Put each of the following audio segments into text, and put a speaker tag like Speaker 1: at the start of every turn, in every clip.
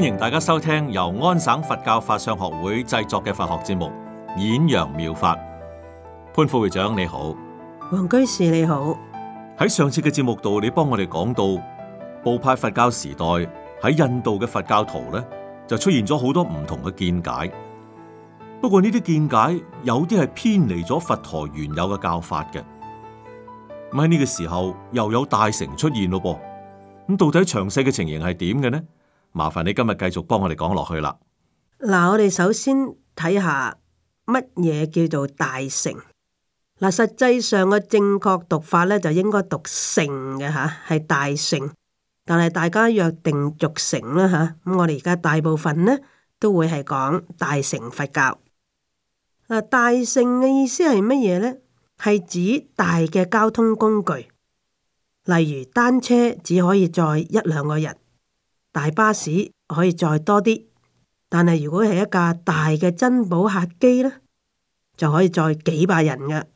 Speaker 1: 歡迎大家收聽由安省佛教法相學會製作嘅佛學節目《演揚妙，妙法》。潘副會長你好，黃居士你好。喺上次嘅節目度，你幫我哋講到部派佛教時代喺印度嘅佛教徒咧，就出現咗好多唔同嘅見解。不過呢啲見解有啲係偏離咗佛陀原有嘅教法嘅。喺呢個時候又有大乘出現咯噃。咁到底詳細嘅情形係點嘅呢？麻煩你今日繼續幫我哋講落去啦。
Speaker 2: 嗱，我哋首先睇下乜嘢叫做大乘。嗱，實際上嘅正確讀法咧，就應該讀乘嘅吓，係大乘。但係大家約定俗成啦吓，咁我哋而家大部分呢都會係講大乘佛教。嗱，大乘嘅意思係乜嘢呢？係指大嘅交通工具，例如單車只可以載一兩個人。大巴士可以再多啲，但係如果係一架大嘅珍寶客機呢，就可以載幾百人噶。呢、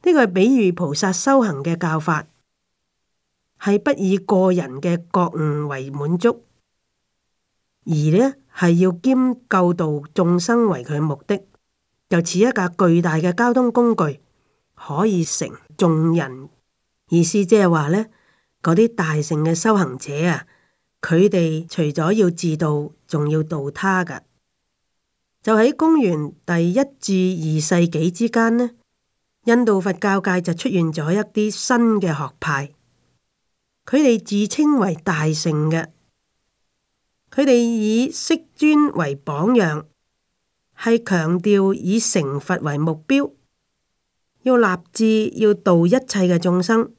Speaker 2: 這個係比喻菩薩修行嘅教法，係不以個人嘅覺悟為滿足，而呢係要兼救度眾生為佢目的，就似一架巨大嘅交通工具，可以成眾人。意思即係話呢嗰啲大乘嘅修行者啊。佢哋除咗要自度，仲要度他噶。就喺公元第一至二世紀之間呢，印度佛教界就出現咗一啲新嘅學派，佢哋自稱為大乘嘅，佢哋以釋尊為榜樣，係強調以成佛為目標，要立志要度一切嘅眾生。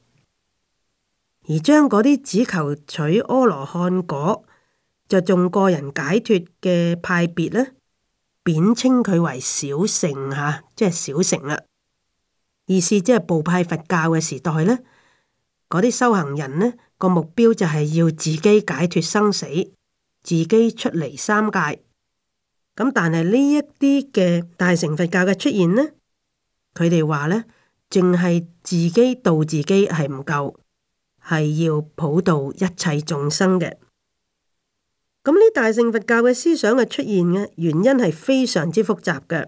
Speaker 2: 而將嗰啲只求取阿羅漢果，着重個人解脫嘅派別咧，貶稱佢為小乘。吓，即係小乘啦。意思即係部派佛教嘅時代咧，嗰啲修行人呢個目標就係要自己解脫生死，自己出離三界。咁但係呢一啲嘅大乘佛教嘅出現呢，佢哋話咧淨係自己度自己係唔夠。係要普渡一切眾生嘅。咁呢，大乘佛教嘅思想嘅出現嘅原因係非常之複雜嘅，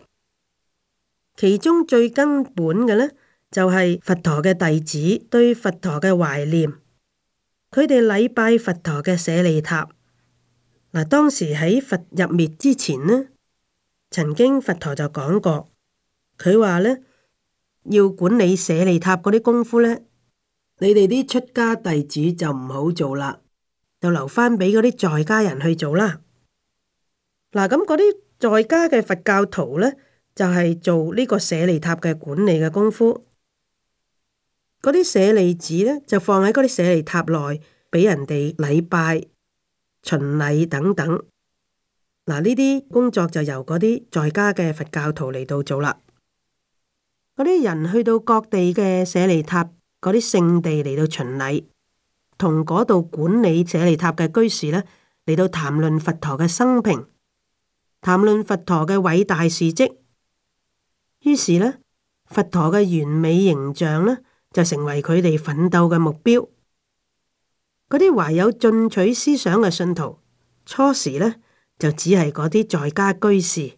Speaker 2: 其中最根本嘅呢，就係佛陀嘅弟子對佛陀嘅懷念，佢哋禮拜佛陀嘅舍利塔。嗱，當時喺佛入滅之前呢，曾經佛陀就講過，佢話呢，要管理舍利塔嗰啲功夫呢。你哋啲出家弟子就唔好做啦，就留翻俾嗰啲在家人去做啦。嗱，咁嗰啲在家嘅佛教徒呢，就係做呢個舍利塔嘅管理嘅功夫。嗰啲舍利子呢，就放喺嗰啲舍利塔內，俾人哋禮拜、巡禮等等。嗱，呢啲工作就由嗰啲在家嘅佛教徒嚟到做啦。嗰啲人去到各地嘅舍利塔。嗰啲聖地嚟到巡禮，同嗰度管理舍利塔嘅居士咧嚟到談論佛陀嘅生平，談論佛陀嘅偉大事跡。於是咧，佛陀嘅完美形象咧就成為佢哋奮鬥嘅目標。嗰啲懷有進取思想嘅信徒，初時咧，就只係嗰啲在家居士，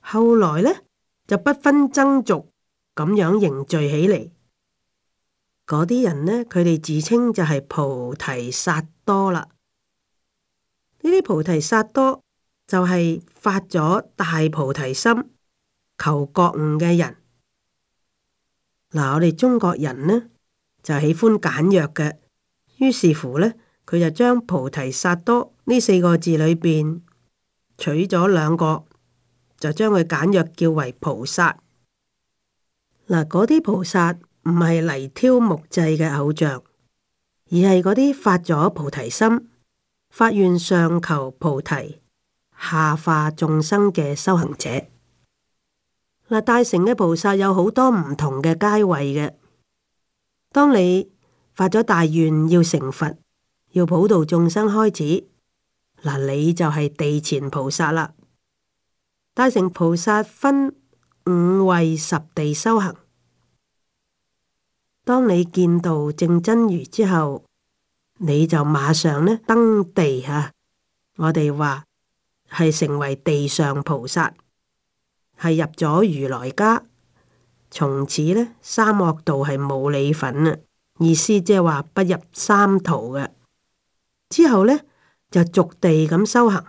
Speaker 2: 後來咧就不分種族咁樣凝聚起嚟。嗰啲人呢，佢哋自稱就係菩提薩多啦。呢啲菩提薩多就係發咗大菩提心求覺悟嘅人。嗱，我哋中國人呢就喜歡簡約嘅，於是乎呢，佢就將菩提薩多呢四個字裏面取咗兩個，就將佢簡約叫為菩薩。嗱，嗰啲菩薩。唔係泥雕木製嘅偶像，而係嗰啲發咗菩提心、發願上求菩提、下化眾生嘅修行者。嗱，大乘嘅菩薩有好多唔同嘅階位嘅。當你發咗大願，要成佛、要普度眾生，開始嗱，你就係地前菩薩啦。大乘菩薩分五位十地修行。當你見到正真如之後，你就馬上咧登地吓，我哋話係成為地上菩薩，係入咗如來家，從此咧三惡道係冇你份啦。意思即係話不入三途嘅，之後咧就逐地咁修行，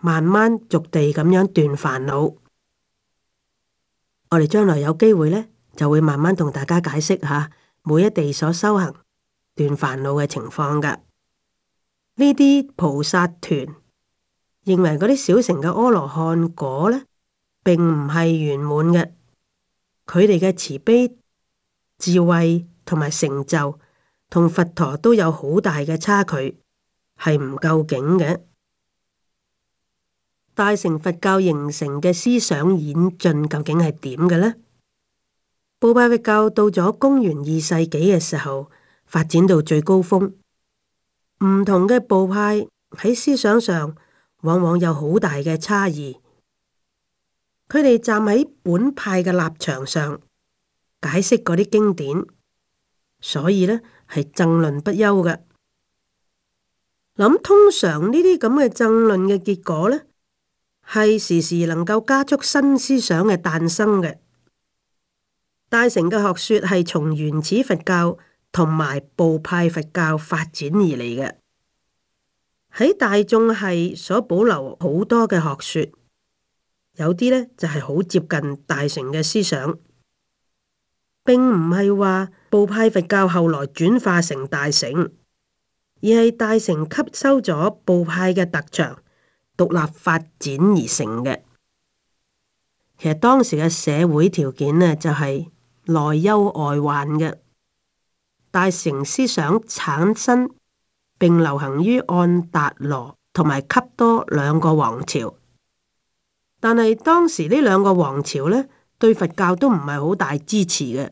Speaker 2: 慢慢逐地咁樣斷煩惱。我哋將來有機會咧。就會慢慢同大家解釋下每一地所修行斷煩惱嘅情況噶。呢啲菩薩團認為嗰啲小乘嘅阿羅漢果呢，並唔係圓滿嘅。佢哋嘅慈悲、智慧同埋成就，同佛陀都有好大嘅差距，係唔究竟嘅。大乘佛教形成嘅思想演進究竟係點嘅呢？部派佛教到咗公元二世紀嘅時候，發展到最高峰。唔同嘅部派喺思想上，往往有好大嘅差異。佢哋站喺本派嘅立場上解釋嗰啲經典，所以呢係爭論不休嘅。咁通常呢啲咁嘅爭論嘅結果呢，係時時能夠加速新思想嘅誕生嘅。大乘嘅學說係從原始佛教同埋部派佛教發展而嚟嘅，喺大眾係所保留好多嘅學說，有啲呢就係、是、好接近大乘嘅思想，並唔係話部派佛教後來轉化成大乘，而係大乘吸收咗部派嘅特長，獨立發展而成嘅。其實當時嘅社會條件呢，就係、是。內憂外患嘅大乘思想產生並流行於安達羅同埋笈多兩個王朝，但係當時呢兩個王朝呢，對佛教都唔係好大支持嘅。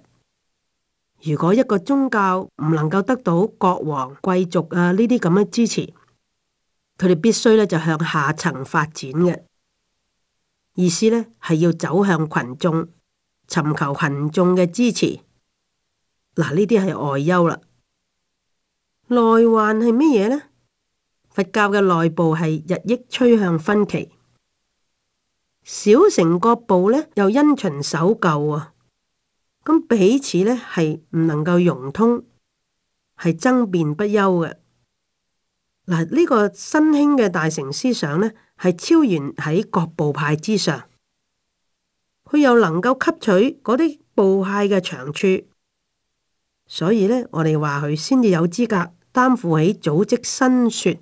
Speaker 2: 如果一個宗教唔能夠得到國王、貴族啊呢啲咁嘅支持，佢哋必須呢就向下層發展嘅意思呢，係要走向群眾。尋求群眾嘅支持，嗱呢啲係外憂啦。內患係乜嘢呢？佛教嘅內部係日益趨向分歧，小乘各部呢又因循守舊啊，咁彼此呢係唔能夠融通，係爭辯不休嘅。嗱，呢個新興嘅大乘思想呢，係超然喺各部派之上。佢又能夠吸取嗰啲部派嘅長處，所以呢，我哋話佢先至有資格擔負起組織新説，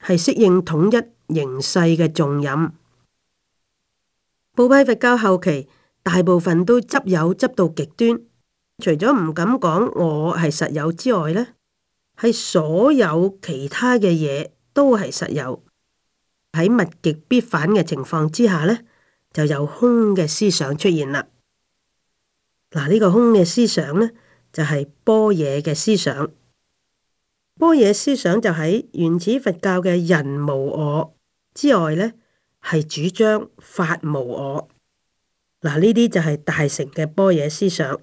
Speaker 2: 係適應統一形勢嘅重任。部派佛教後期，大部分都執有執到極端，除咗唔敢講我係實有之外呢，係所有其他嘅嘢都係實有。喺物極必反嘅情況之下呢，就有空嘅思想出現啦。嗱，呢個空嘅思想咧，就係般若嘅思想。般若思想就喺原始佛教嘅人無我之外咧，係主張法無我。嗱，呢啲就係大乘嘅般若思想。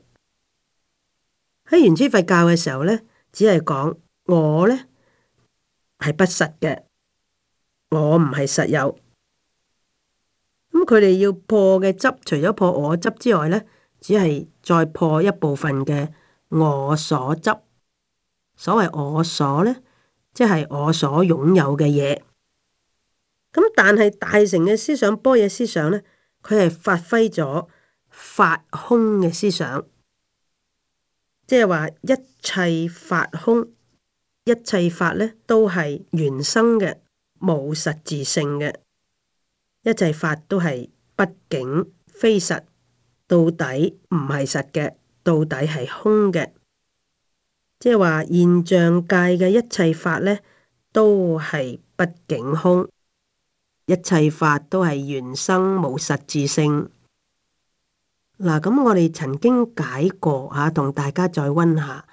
Speaker 2: 喺原始佛教嘅時候咧，只係講我咧係不實嘅，我唔係實有。咁佢哋要破嘅執，除咗破我執之外呢，只係再破一部分嘅我所執。所謂我所呢，即係我所擁有嘅嘢。咁但係大乘嘅思想、般若思想呢，佢係發揮咗法空嘅思想，即係話一切法空，一切法呢，都係緣生嘅，冇實質性嘅。一切法都係畢竟、非實，到底唔係實嘅，到底係空嘅。即係話現象界嘅一切法呢，都係畢竟空。一切法都係緣生冇實質性。嗱，咁我哋曾經解過吓，同大家再溫下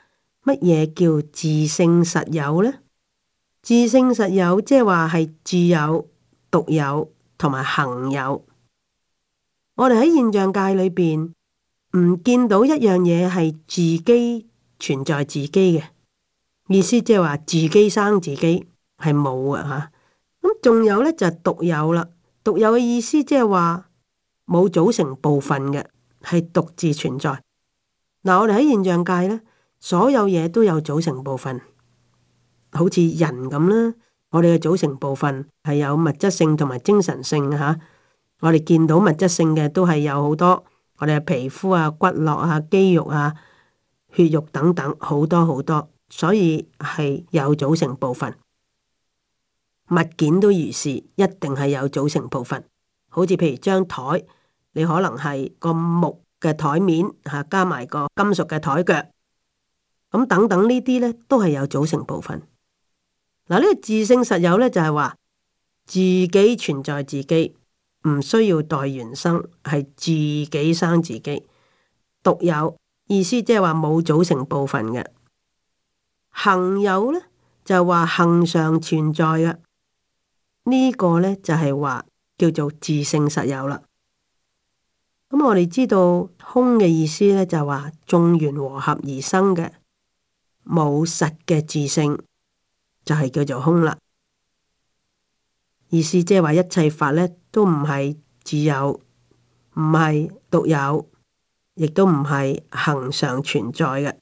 Speaker 2: 乜嘢叫自性實有呢？「自性實有」即係話係自有、獨有。同埋恆有，我哋喺現象界裏邊唔見到一樣嘢係自己存在自己嘅意思，即係話自己生自己係冇嘅吓。咁仲有呢，就係獨有啦，獨有嘅意思即係話冇組成部分嘅係獨自存在。嗱，我哋喺現象界呢，所有嘢都有組成部分，好似人咁啦。我哋嘅組成部分係有物質性同埋精神性吓，我哋見到物質性嘅都係有好多，我哋嘅皮膚啊、骨骼啊、肌肉啊、血肉等等，好多好多，所以係有組成部分。物件都如是，一定係有組成部分。好似譬如張台，你可能係個木嘅台面吓，加埋個金屬嘅台腳，咁等等呢啲呢都係有組成部分。嗱，呢個自性實有咧，就係話自己存在自己，唔需要代原生，係自己生自己，獨有意思，即係話冇組成部分嘅。恆有呢，就話恆常存在嘅呢、呢個呢，就係話叫做自性實有啦。咁我哋知道空嘅意思呢，就係話眾緣和合而生嘅，冇實嘅自性。就係叫做空啦，而是即係話一切法呢，都唔係自有，唔係獨有，亦都唔係恒常存在嘅。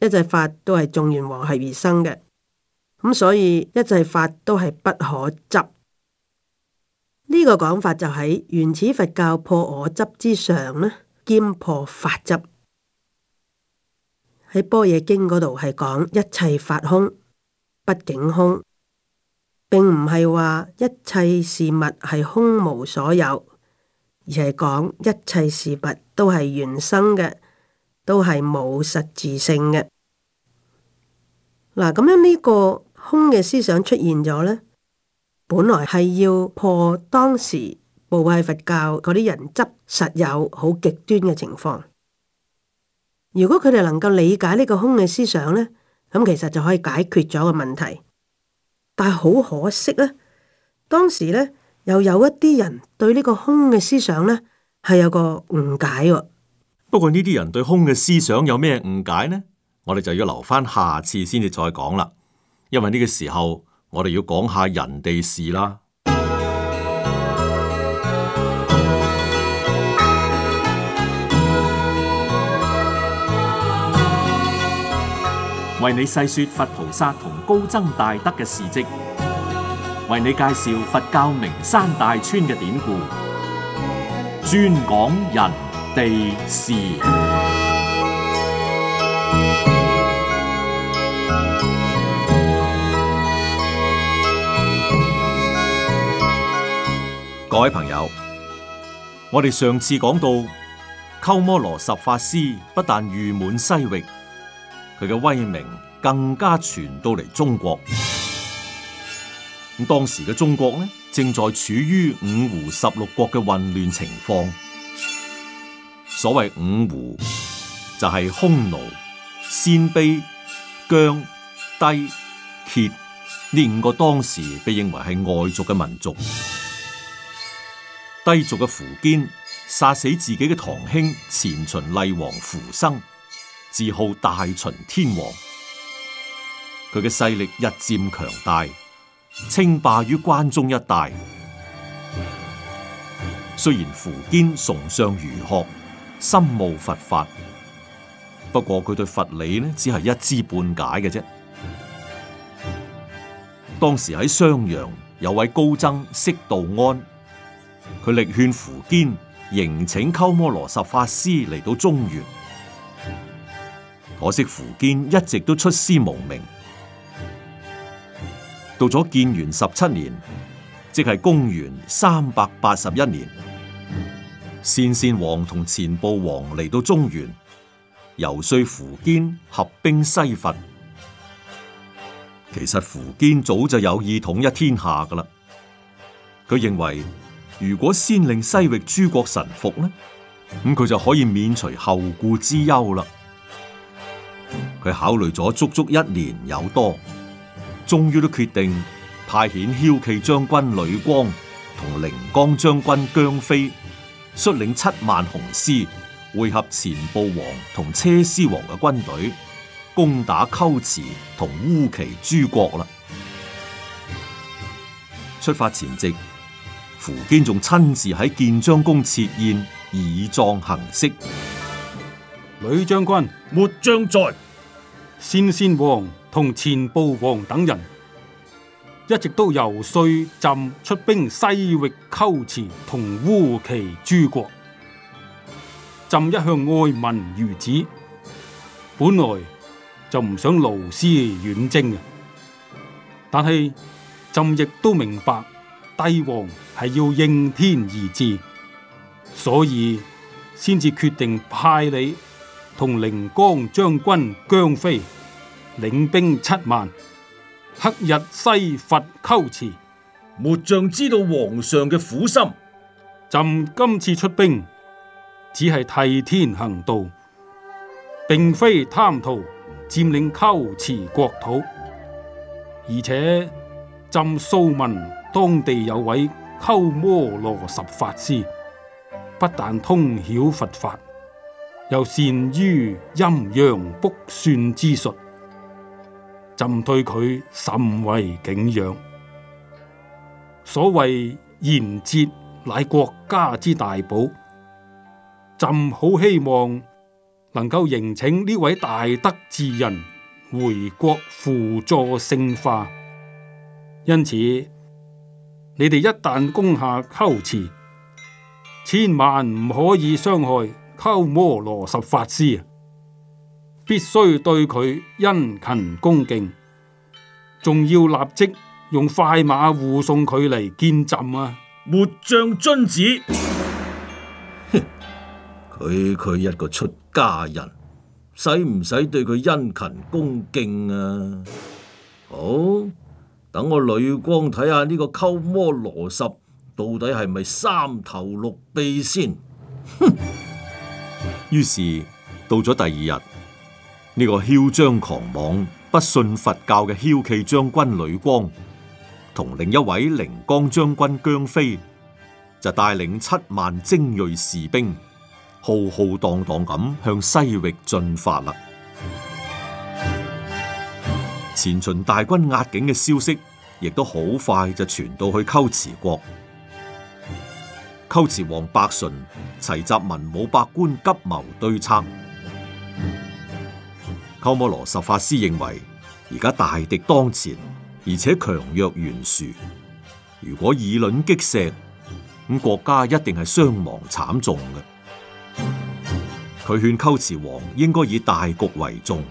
Speaker 2: 一切法都係眾緣和合而生嘅，咁、嗯、所以一切法都係不可執。呢、這個講法就喺原始佛教破我執之上呢，兼破法執。喺般若經嗰度係講一切法空。畢竟空，並唔係話一切事物係空無所有，而係講一切事物都係緣生嘅，都係冇實自性嘅。嗱，咁樣呢個空嘅思想出現咗呢，本來係要破當時破壞佛教嗰啲人執實有好極端嘅情況。如果佢哋能夠理解呢個空嘅思想呢。咁其實就可以解決咗個問題，但係好可惜咧，當時咧又有一啲人對呢個空嘅思想咧係有個誤解喎。
Speaker 1: 不過呢啲人對空嘅思想有咩誤解呢？我哋就要留返下次先至再講啦，因為呢個時候我哋要講下人哋事啦。為你細說佛菩薩同高僧大德嘅事蹟，為你介紹佛教名山大川嘅典故，專講人地事。各位朋友，我哋上次講到鳩摩羅什法師不但譽滿西域。佢嘅威名更加傳到嚟中國。咁當時嘅中國呢，正在處於五胡十六國嘅混亂情況。所謂五胡，就係、是、匈奴、鮮卑、羌、氐、羯呢五個當時被認為係外族嘅民族。氐族嘅苻堅殺死自己嘅堂兄前秦厲王苻生。自號大秦天王，佢嘅勢力日漸強大，稱霸於關中一帶。雖然苻堅崇尚儒學，深慕佛法，不過佢對佛理呢只係一知半解嘅啫。當時喺襄陽有位高僧釋道安，佢力勸苻堅迎請鳩摩羅什法師嚟到中原。可惜苻堅一直都出師無名，到咗建元十七年，即係公元三百八十一年，鄯善王同前部王嚟到中原，遊說苻堅合兵西伐。其實苻堅早就有意統一天下噶啦，佢認為如果先令西域諸國臣服呢，咁佢就可以免除後顧之憂啦。佢考慮咗足足一年有多，終於都決定派遣驍騎將軍呂光同凌江將軍姜飛率領七萬雄師，匯合前部王同車師王嘅軍隊，攻打龜茲同烏耆諸國啦。出發前夕，苻堅仲親自喺建章宮設宴以
Speaker 3: 壯行色。呂將軍，末將在。先先王同前部王等人，一直都遊說朕出兵西域、龜茲同烏耆諸國。朕一向愛民如子，本來就唔想勞師遠征嘅。但係朕亦都明白，帝王係要應天而治，所以先至決定派你。同陵江將軍姜飛領兵七萬，克日西伐龜茲。末將知道皇上嘅苦心。朕今次出兵，只係替天行道，並非貪圖佔領龜茲國土。而且朕素聞當地有位鳩摩羅什法師，不但通曉佛法。又善於陰陽卜算之術，朕對佢甚為敬仰。所謂賢哲，乃國家之大寶。朕好希望能夠迎請呢位大德之人回國輔助聖化。因此，你哋一旦攻下龜茲，千萬唔可以傷害。鳩摩羅什法師啊，必須對佢殷勤恭敬，仲要立即用快馬護送佢嚟見朕啊！末將遵旨。
Speaker 1: 佢 佢 一個出家人，使唔使對佢殷勤恭敬啊？好，等我呂光睇下呢個鳩摩羅什到底係咪三頭六臂先。哼！ 於是到咗第二日，呢、這個囂張狂妄、不信佛教嘅驍騎將軍呂光，同另一位陵江將軍姜飛，就帶領七萬精銳士兵，浩浩蕩蕩咁向西域進發啦。前秦大軍壓境嘅消息，亦都好快就傳到去龜茲國。鳩慈王百順齊集文武百官，急謀對策。鳩摩羅什法師認為，而家大敵當前，而且強弱懸殊，如果以卵擊石，咁國家一定係傷亡慘重嘅。佢勸鳩慈王應該以大局為重，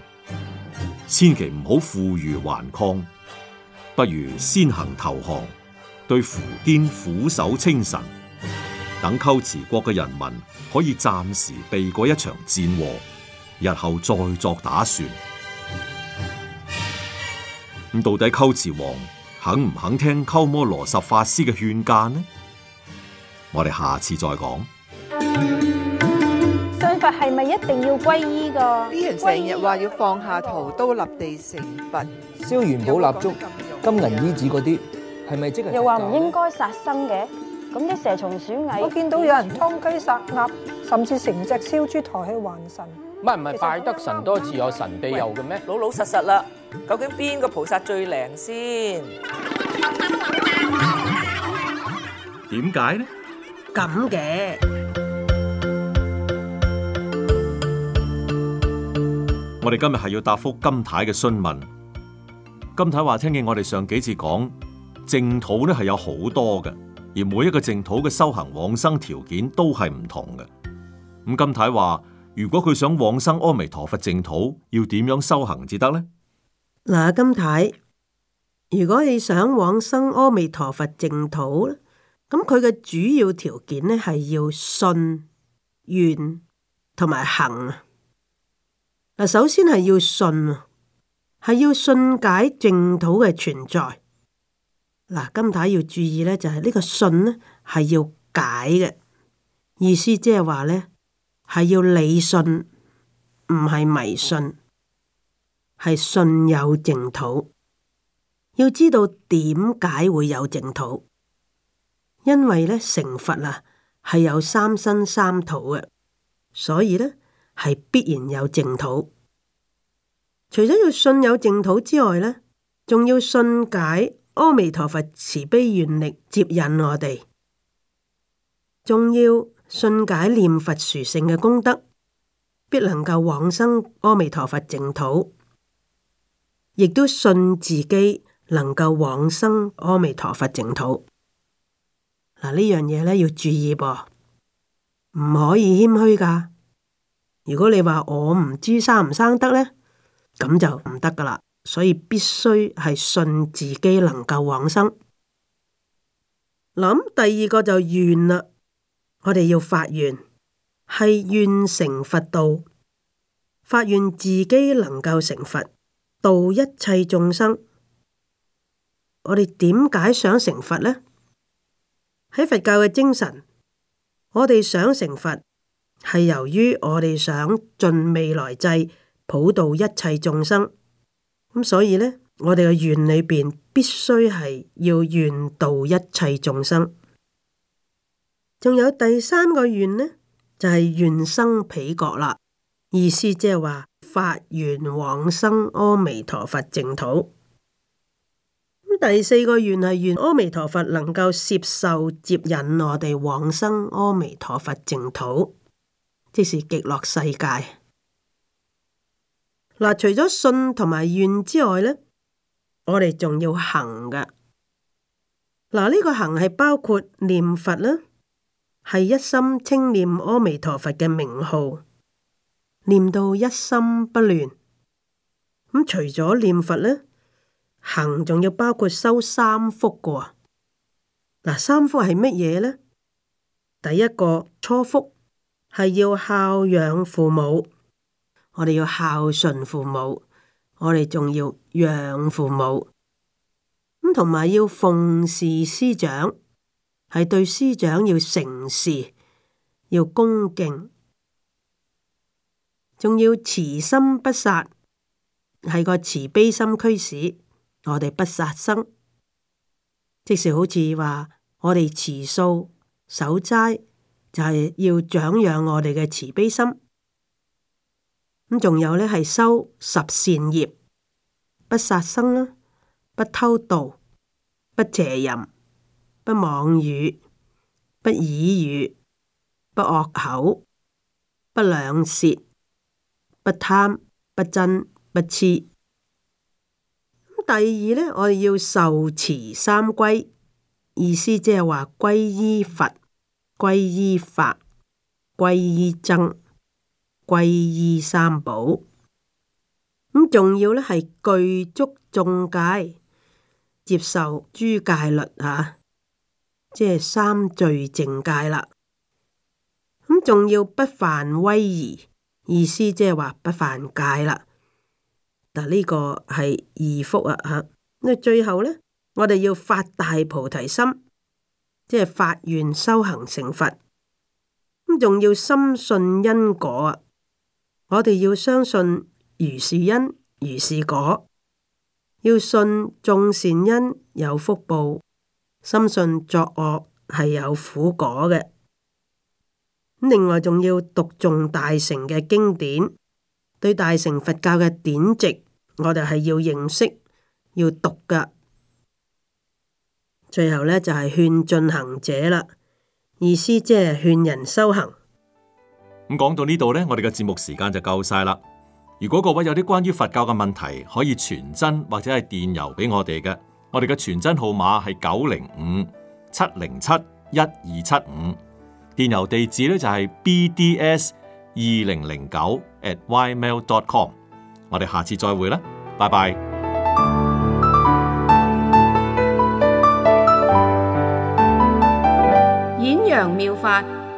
Speaker 1: 千祈唔好負隅頑抗，不如先行投降，對苻堅俯首稱臣。等龜茲國嘅人民可以暫時避過一場戰禍，日後再作打算。咁到底龜茲王肯唔肯聽鳩摩羅什法師嘅勸諫呢？我哋下次再講。信佛係咪一定要皈依㗎？呢啲人成日話要放下屠
Speaker 2: 刀立地成
Speaker 1: 佛，燒元寶蠟燭、有有金銀衣紙嗰啲，係咪即係又話唔應
Speaker 2: 該殺生嘅？咁啲蛇蟲鼠蟻，我見到有人劏雞殺鴨，甚至成隻燒豬抬去還神。
Speaker 1: 唔係唔係，拜得神多自有神庇佑嘅咩？老
Speaker 2: 老實實啦，究竟邊個菩薩最靚先？
Speaker 1: 點解呢？
Speaker 2: 咁嘅，
Speaker 1: 我哋今日係要答覆金太嘅詢問。金太話：聽見我哋上幾次講淨土咧，係有好多嘅。而每一個淨土嘅修行往生條件都係唔同嘅。咁金太話：如果佢想往生阿彌陀佛淨土，要點樣修行至
Speaker 2: 得呢？嗱，金太，如果你想往生阿彌陀佛淨土，咁佢嘅主要條件咧係要信願同埋行。嗱，首先係要信，係要信解淨土嘅存在。嗱，金太要注意咧，就係、是、呢個信呢係要解嘅意思，即係話咧係要理信，唔係迷信，係信有淨土。要知道點解會有淨土，因為咧成佛啊係有三身三土嘅，所以咧係必然有淨土。除咗要信有淨土之外，咧仲要信解。阿彌陀佛慈悲願力接引我哋，仲要信解念佛殊勝嘅功德，必能夠往生阿彌陀佛淨土。亦都信自己能夠往生阿彌陀佛淨土。嗱，呢樣嘢咧要注意噃，唔可以謙虛噶。如果你話我唔知生唔生得呢，咁就唔得噶啦。所以必須係信自己能夠往生。諗第二個就願啦，我哋要發願係願成佛道，發願自己能夠成佛，度一切眾生。我哋點解想成佛呢？喺佛教嘅精神，我哋想成佛係由於我哋想盡未來際普渡一切眾生。咁所以呢，我哋嘅願裏邊必須係要願度一切眾生。仲有第三個願呢，就係願生彼國啦。意思即係話發願往生阿彌陀佛淨土。咁第四個願係願阿彌陀佛能夠攝受接引我哋往生阿彌陀佛淨土，即是極樂世界。嗱、啊，除咗信同埋願之外咧，我哋仲要行㗎。嗱、啊，呢、這個行係包括念佛啦，係一心清念阿彌陀佛嘅名號，念到一心不亂。咁、啊、除咗念佛咧，行仲要包括修三福㗎。嗱、啊，三福係乜嘢咧？第一個初福係要孝養父母。我哋要孝順父母，我哋仲要養父母，咁同埋要奉事師長，係對師長要誠實，要恭敬，仲要慈心不殺，係個慈悲心驅使我哋不殺生，即是好似話我哋慈素守齋，就係、是、要長養我哋嘅慈悲心。咁仲、嗯、有呢，係修十善業，不殺生啦，不偷盜，不邪淫，不妄語，不綺語，不惡口，不兩舌，不貪，不嗔，不痴。咁、嗯、第二呢，我哋要受持三歸，意思即係話歸依佛，歸依法，歸依僧。皈依三寶，咁仲要咧，係具足眾戒，接受諸戒律啊，即係三聚淨戒啦。咁仲要不犯威儀，意思即係話不犯戒啦。嗱、啊、呢、這個係二福啊吓。咁最後呢，我哋要發大菩提心，即係發願修行成佛。咁仲要深信因果啊！我哋要相信如是因如是果，要信種善因有福報，深信作惡係有苦果嘅。另外仲要讀誦大乘嘅經典，對大乘佛教嘅典籍，我哋係要認識，要讀噶。最後咧就係、是、勸進行者啦，意思即係勸人修行。
Speaker 1: 咁講到呢度咧，我哋嘅節目時間就夠晒啦。如果各位有啲關於佛教嘅問題，可以傳真或者係電郵俾我哋嘅。我哋嘅傳真號碼係九零五七零七一二七五，75, 電郵地址呢就係 bds 二零零九 @ymail.com。我哋下次再會啦，拜拜。
Speaker 2: 演揚妙法。